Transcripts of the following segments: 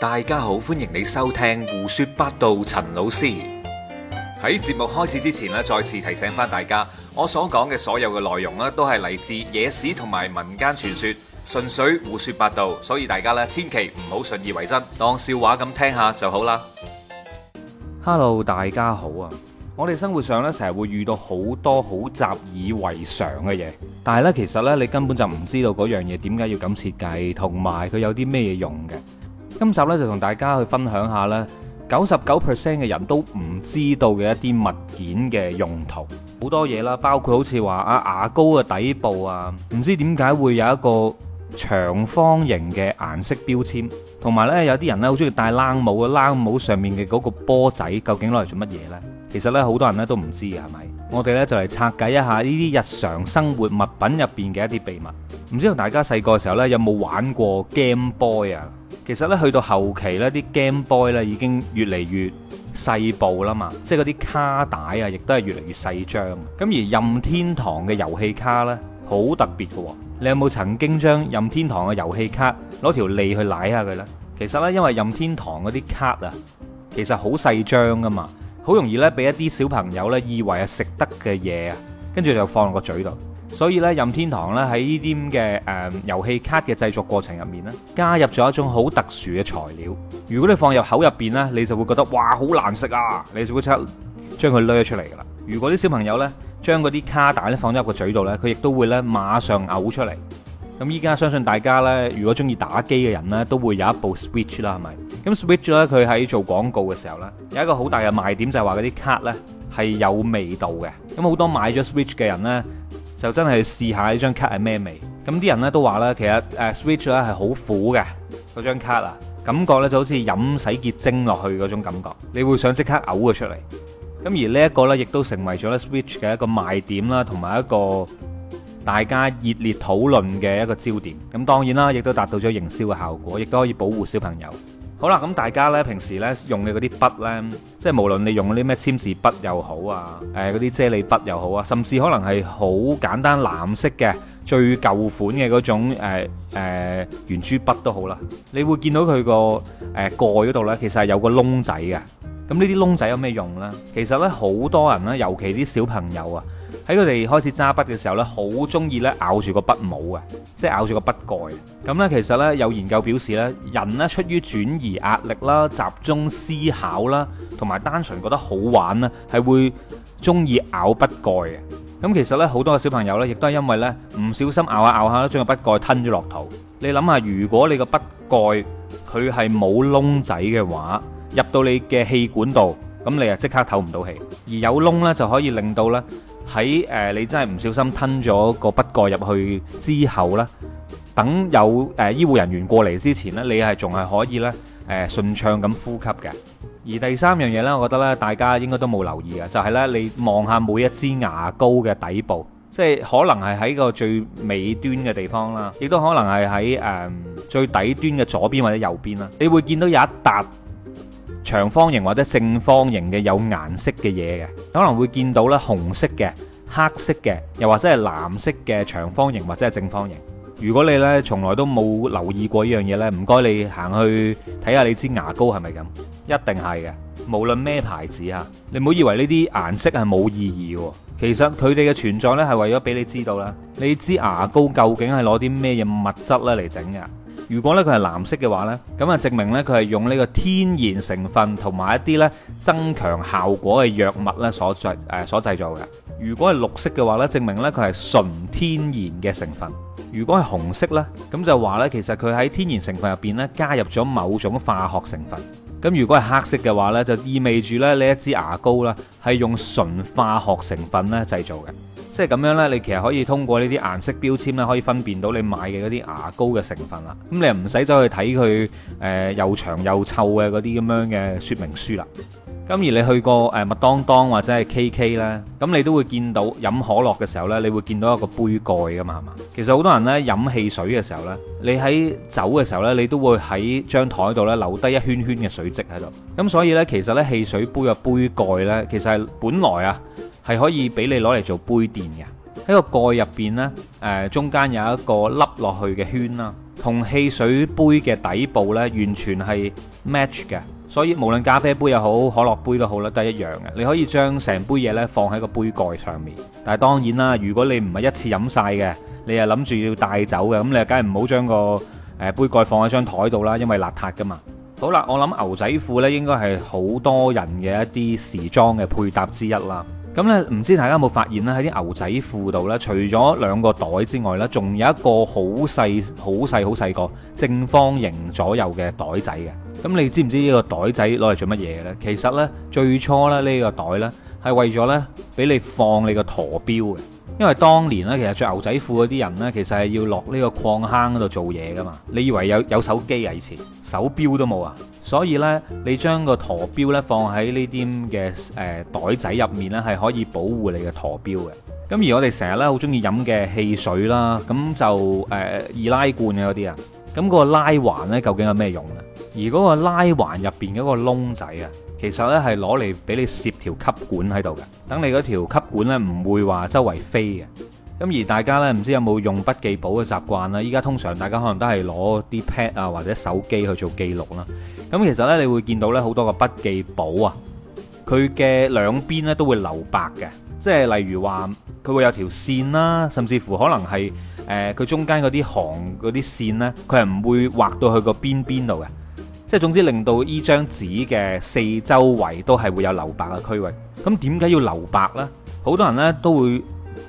大家好，歡迎你收聽胡說八道。陳老師喺節目開始之前咧再次提醒翻大家，我所講嘅所有嘅內容咧都係嚟自野史同埋民間傳說，純粹胡說八道，所以大家咧千祈唔好信以為真，當笑話咁聽下就好啦。Hello，大家好啊！我哋生活上咧成日會遇到好多好習以為常嘅嘢，但係咧，其實咧你根本就唔知道嗰樣嘢點解要咁設計，同埋佢有啲咩用嘅。今集咧就同大家去分享下咧，九十九 percent 嘅人都唔知道嘅一啲物件嘅用途。好多嘢啦，包括好似話啊牙膏嘅底部啊，唔知點解會有一個長方形嘅顏色標籤，同埋呢有啲人呢好中意戴冷帽啊，冷帽上面嘅嗰個波仔究竟攞嚟做乜嘢呢？其實呢，好多人呢都唔知，係咪？我哋咧就嚟拆解一下呢啲日常生活物品入邊嘅一啲秘密。唔知道大家細個時候呢有冇玩過 Game Boy 啊？其實呢，去到後期呢啲 Game Boy 呢已經越嚟越細部啦嘛，即係嗰啲卡帶啊，亦都係越嚟越細張。咁而任天堂嘅遊戲卡呢，好特別嘅喎，你有冇曾經將任天堂嘅遊戲卡攞條脷去舐下佢呢？其實呢，因為任天堂嗰啲卡啊，其實好細張噶嘛。好容易咧，俾一啲小朋友咧以為係食得嘅嘢啊，跟住就放落個嘴度。所以咧任天堂咧喺呢啲嘅誒遊戲卡嘅製作過程入面咧，加入咗一種好特殊嘅材料。如果你放入口入邊咧，你就會覺得哇好難食啊！你就會即刻將佢掠出嚟噶啦。如果啲小朋友咧將嗰啲卡帶咧放咗入個嘴度咧，佢亦都會咧馬上嘔出嚟。咁依家相信大家呢，如果中意打機嘅人呢，都會有一部 Switch 啦，係咪？咁 Switch 咧，佢喺做廣告嘅時候呢，有一個好大嘅賣點，就係話嗰啲卡呢係有味道嘅。咁好多買咗 Switch 嘅人呢，就真係試下呢張卡係咩味。咁啲人呢都話啦，其實 Switch 咧係好苦嘅，嗰張卡啊，感覺呢，就好似飲洗潔精落去嗰種感覺，你會想即刻嘔佢出嚟。咁而呢一個呢，亦都成為咗 Switch 嘅一個賣點啦，同埋一個大家熱烈討論嘅一個焦點，咁當然啦，亦都達到咗營銷嘅效果，亦都可以保護小朋友。好啦，咁大家呢平時呢用嘅嗰啲筆呢，即係無論你用嗰啲咩簽字筆又好啊，誒嗰啲啫喱筆又好啊，甚至可能係好簡單藍色嘅最舊款嘅嗰種誒誒、呃呃、圓珠筆都好啦，你會見到佢個誒蓋嗰度呢，其實係有個窿仔嘅。咁呢啲窿仔有咩用呢？其實呢，好多人呢，尤其啲小朋友啊，喺佢哋開始揸筆嘅時候呢，好中意呢咬住個筆帽嘅，即係咬住個筆蓋。咁呢，其實呢，有研究表示呢，人呢，出於轉移壓力啦、集中思考啦，同埋單純覺得好玩呢，係會中意咬筆蓋嘅。咁其實呢，好多嘅小朋友呢，亦都係因為呢，唔小心咬下咬下呢，將個筆蓋吞咗落肚。你諗下，如果你個筆蓋佢係冇窿仔嘅話，入到你嘅氣管度，咁你啊即刻透唔到氣。而有窿呢，就可以令到呢。喺、呃、你真係唔小心吞咗個筆蓋入去之後呢，等有誒、呃、醫護人員過嚟之前呢，你係仲係可以呢誒、呃、順暢咁呼吸嘅。而第三樣嘢呢，我覺得呢大家應該都冇留意嘅，就係呢你望下每一支牙膏嘅底部，即係可能係喺個最尾端嘅地方啦，亦都可能係喺、呃、最底端嘅左邊或者右邊啦，你會見到有一笪。長方形或者正方形嘅有顏色嘅嘢嘅，可能會見到咧紅色嘅、黑色嘅，又或者係藍色嘅長方形或者係正方形。如果你呢從來都冇留意過依樣嘢呢，唔該你行去睇下你支牙膏係咪咁，一定係嘅。無論咩牌子啊，你唔好以為呢啲顏色係冇意義嘅，其實佢哋嘅存在呢係為咗俾你知道啦，你支牙膏究竟係攞啲咩嘢物質呢嚟整嘅。如果咧佢係藍色嘅話呢，咁啊證明呢，佢係用呢個天然成分同埋一啲呢增強效果嘅藥物呢所製誒、呃、所製造嘅。如果係綠色嘅話呢，證明呢，佢係純天然嘅成分。如果係紅色呢，咁就話呢，其實佢喺天然成分入邊呢加入咗某種化學成分。咁如果係黑色嘅話呢，就意味住咧呢一支牙膏呢係用純化學成分呢製造嘅。即係咁樣呢，你其實可以通過呢啲顏色標籤呢，可以分辨到你買嘅嗰啲牙膏嘅成分啦。咁你唔使走去睇佢誒又長又臭嘅嗰啲咁樣嘅說明書啦。咁而你去過誒麥當當或者係 KK 呢，咁你都會見到飲可樂嘅時候呢，你會見到一個杯蓋㗎嘛，係嘛？其實好多人呢，飲汽水嘅時候呢，你喺走嘅時候呢，你都會喺張台度呢，留低一圈圈嘅水漬喺度。咁所以呢，其實呢，汽水杯嘅杯蓋呢，其實係本來啊～係可以俾你攞嚟做杯墊嘅，喺個蓋入面呢、呃，中間有一個凹落去嘅圈啦，同汽水杯嘅底部呢完全係 match 嘅，所以無論咖啡杯又好，可樂杯都好啦，都係一樣嘅。你可以將成杯嘢呢放喺個杯蓋上面，但係當然啦，如果你唔係一次飲晒嘅，你係諗住要帶走嘅，咁你梗係唔好將個杯蓋放喺張台度啦，因為邋遢噶嘛。好啦，我諗牛仔褲呢應該係好多人嘅一啲時裝嘅配搭之一啦。咁咧，唔知大家有冇發現咧？喺啲牛仔褲度呢，除咗兩個袋之外呢，仲有一個好細、好細、好細個正方形左右嘅袋仔嘅。咁你知唔知呢個袋仔攞嚟做乜嘢呢？其實呢，最初咧呢個袋呢係為咗呢俾你放你個陀錶嘅。因為當年呢，其實着牛仔褲嗰啲人呢，其實係要落呢個礦坑嗰度做嘢噶嘛。你以為有有手機啊？以前手錶都冇啊？所以呢，你將個陀錶呢放喺呢啲嘅袋仔入面呢，係可以保護你嘅陀錶嘅。咁而我哋成日呢好中意飲嘅汽水啦，咁就誒易拉罐嗰啲啊。咁個拉環呢，究竟有咩用啊？而嗰個拉環入面嗰個窿仔啊，其實呢係攞嚟俾你攝條吸管喺度嘅，等你嗰條吸管呢唔會話周圍飛嘅。咁而大家呢，唔知有冇用筆記簿嘅習慣啦？依家通常大家可能都係攞啲 pad 啊或者手機去做記錄啦。咁其實呢，你會見到呢好多個筆記簿啊，佢嘅兩邊呢都會留白嘅，即係例如話佢會有條線啦，甚至乎可能係誒佢中間嗰啲行嗰啲線呢，佢係唔會畫到去個邊邊度嘅，即係總之令到依張紙嘅四周圍都係會有留白嘅區域。咁點解要留白呢？好多人呢都會，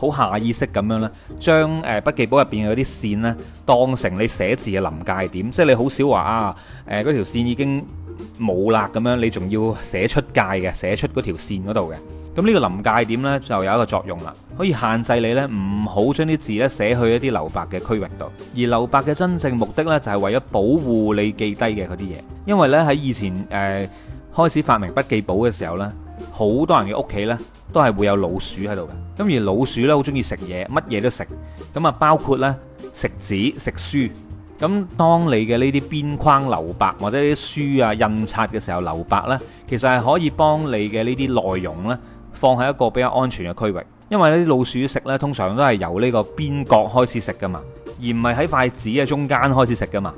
好下意識咁樣咧，將誒筆記簿入邊嗰啲線呢，當成你寫字嘅臨界點，即係你好少話啊誒嗰條線已經冇啦咁樣，你仲要寫出界嘅，寫出嗰條線嗰度嘅。咁呢個臨界點呢，就有一個作用啦，可以限制你呢唔好將啲字呢寫去一啲留白嘅區域度。而留白嘅真正目的呢，就係為咗保護你記低嘅嗰啲嘢，因為呢，喺以前誒、呃、開始發明筆記簿嘅時候呢，好多人嘅屋企呢。都係會有老鼠喺度嘅，咁而老鼠呢，好中意食嘢，乜嘢都食，咁啊包括呢食紙食書，咁當你嘅呢啲邊框留白或者啲書啊印刷嘅時候留白呢，其實係可以幫你嘅呢啲內容呢放喺一個比較安全嘅區域，因為呢啲老鼠食呢，通常都係由呢個邊角開始食噶嘛，而唔係喺塊紙嘅中間開始食噶嘛，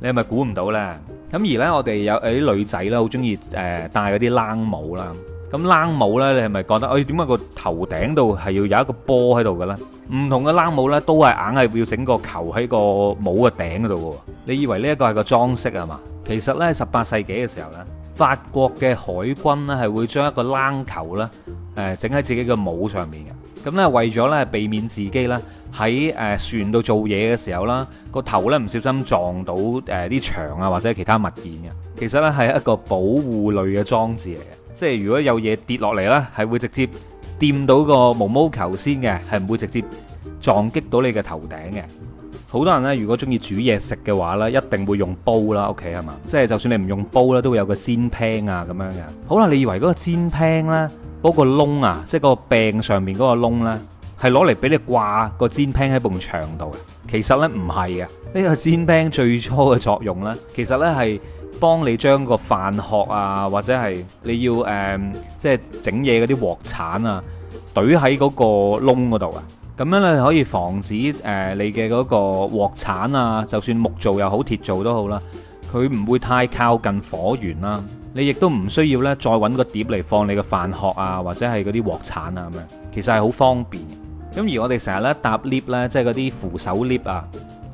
你係咪估唔到呢？咁而呢，我哋有有啲女仔呢，好中意誒戴嗰啲冷帽啦。咁冷帽呢，你係咪覺得？哎，點解個頭頂度係要有一個波喺度嘅咧？唔同嘅冷帽呢，都係硬係要整個球喺個帽嘅頂嗰度喎。你以為呢一個係個裝飾吖嘛？其實呢，十八世紀嘅時候呢，法國嘅海軍呢係會將一個冷球呢、呃、整喺自己嘅帽上面嘅。咁、嗯、呢，為咗呢，避免自己呢喺、呃、船度做嘢嘅時候啦，個頭呢唔小心撞到、呃、啲牆啊，或者其他物件嘅。其實呢，係一個保護類嘅裝置嚟嘅。即係如果有嘢跌落嚟呢係會直接掂到個毛毛球先嘅，係唔會直接撞擊到你嘅頭頂嘅。好多人呢，如果中意煮嘢食嘅話呢，一定會用煲啦，屋企係嘛？即係就算你唔用煲呢都會有個煎 pan 啊咁樣嘅。好啦，你以為嗰個煎 pan 嗰、嗰個窿啊，即係個柄上面嗰個窿呢，係攞嚟俾你掛個煎 pan 喺埲牆度嘅？其實呢，唔係嘅，呢、呢個煎 pan 最初嘅作用呢，其實呢係。幫你將個飯殼啊，或者係你要、嗯、即係整嘢嗰啲鑊鏟啊，懟喺嗰個窿嗰度啊，咁樣咧可以防止你嘅嗰個鑊鏟啊，就算木做又好，鐵做都好啦，佢唔會太靠近火源啦、啊。你亦都唔需要咧再揾個碟嚟放你嘅飯殼啊，或者係嗰啲鑊鏟啊咁樣，其實係好方便。咁而我哋成日咧搭 lift 咧，即係嗰啲扶手 lift 啊。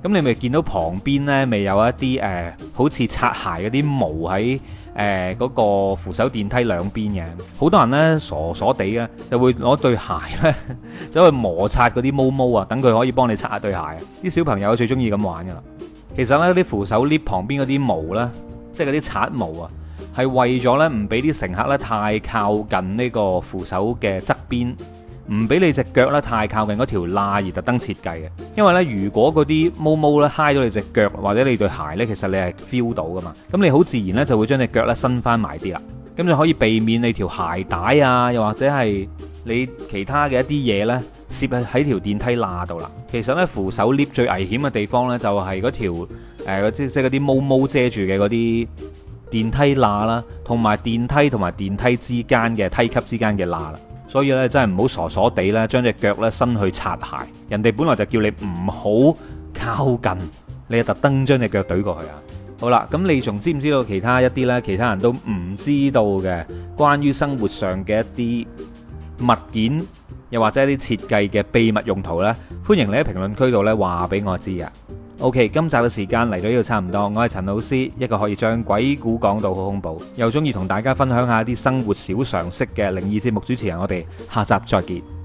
咁你咪見到旁邊呢？咪有一啲、呃、好似擦鞋嗰啲毛喺嗰、呃、嗰個扶手電梯兩邊嘅，好多人呢，傻傻地呢就會攞對鞋呢走去摩擦嗰啲毛毛啊，等佢可以幫你擦下對鞋。啲小朋友最中意咁玩噶啦。其實呢，啲扶手 lift 旁邊嗰啲毛呢，即係嗰啲刷毛啊，係為咗呢唔俾啲乘客呢太靠近呢個扶手嘅側邊。唔俾你隻腳咧太靠近嗰條罅而特登設計嘅，因為呢如果嗰啲毛毛咧嗨到你隻腳或者你對鞋呢，其實你係 feel 到噶嘛，咁你好自然呢，就會將隻腳咧伸翻埋啲啦，咁就可以避免你條鞋帶啊，又或者係你其他嘅一啲嘢呢，攝喺條電梯罅度啦。其實呢，扶手 lift 最危險嘅地方呢，就係、是、嗰條、呃、即即嗰啲毛毛遮住嘅嗰啲電梯罅啦，同埋電梯同埋電梯之間嘅梯級之間嘅罅啦。所以咧，真係唔好傻傻地呢將隻腳咧伸去擦鞋。人哋本來就叫你唔好靠近，你就特登將隻腳懟過去啊！好啦，咁你仲知唔知道其他一啲呢？其他人都唔知道嘅關於生活上嘅一啲物件，又或者一啲設計嘅秘密用途呢？歡迎你喺評論區度呢話俾我知啊！O.K. 今集嘅時間嚟到呢度差唔多，我係陳老師，一個可以將鬼故講到好恐怖，又中意同大家分享下啲生活小常識嘅靈異節目主持人，我哋下集再見。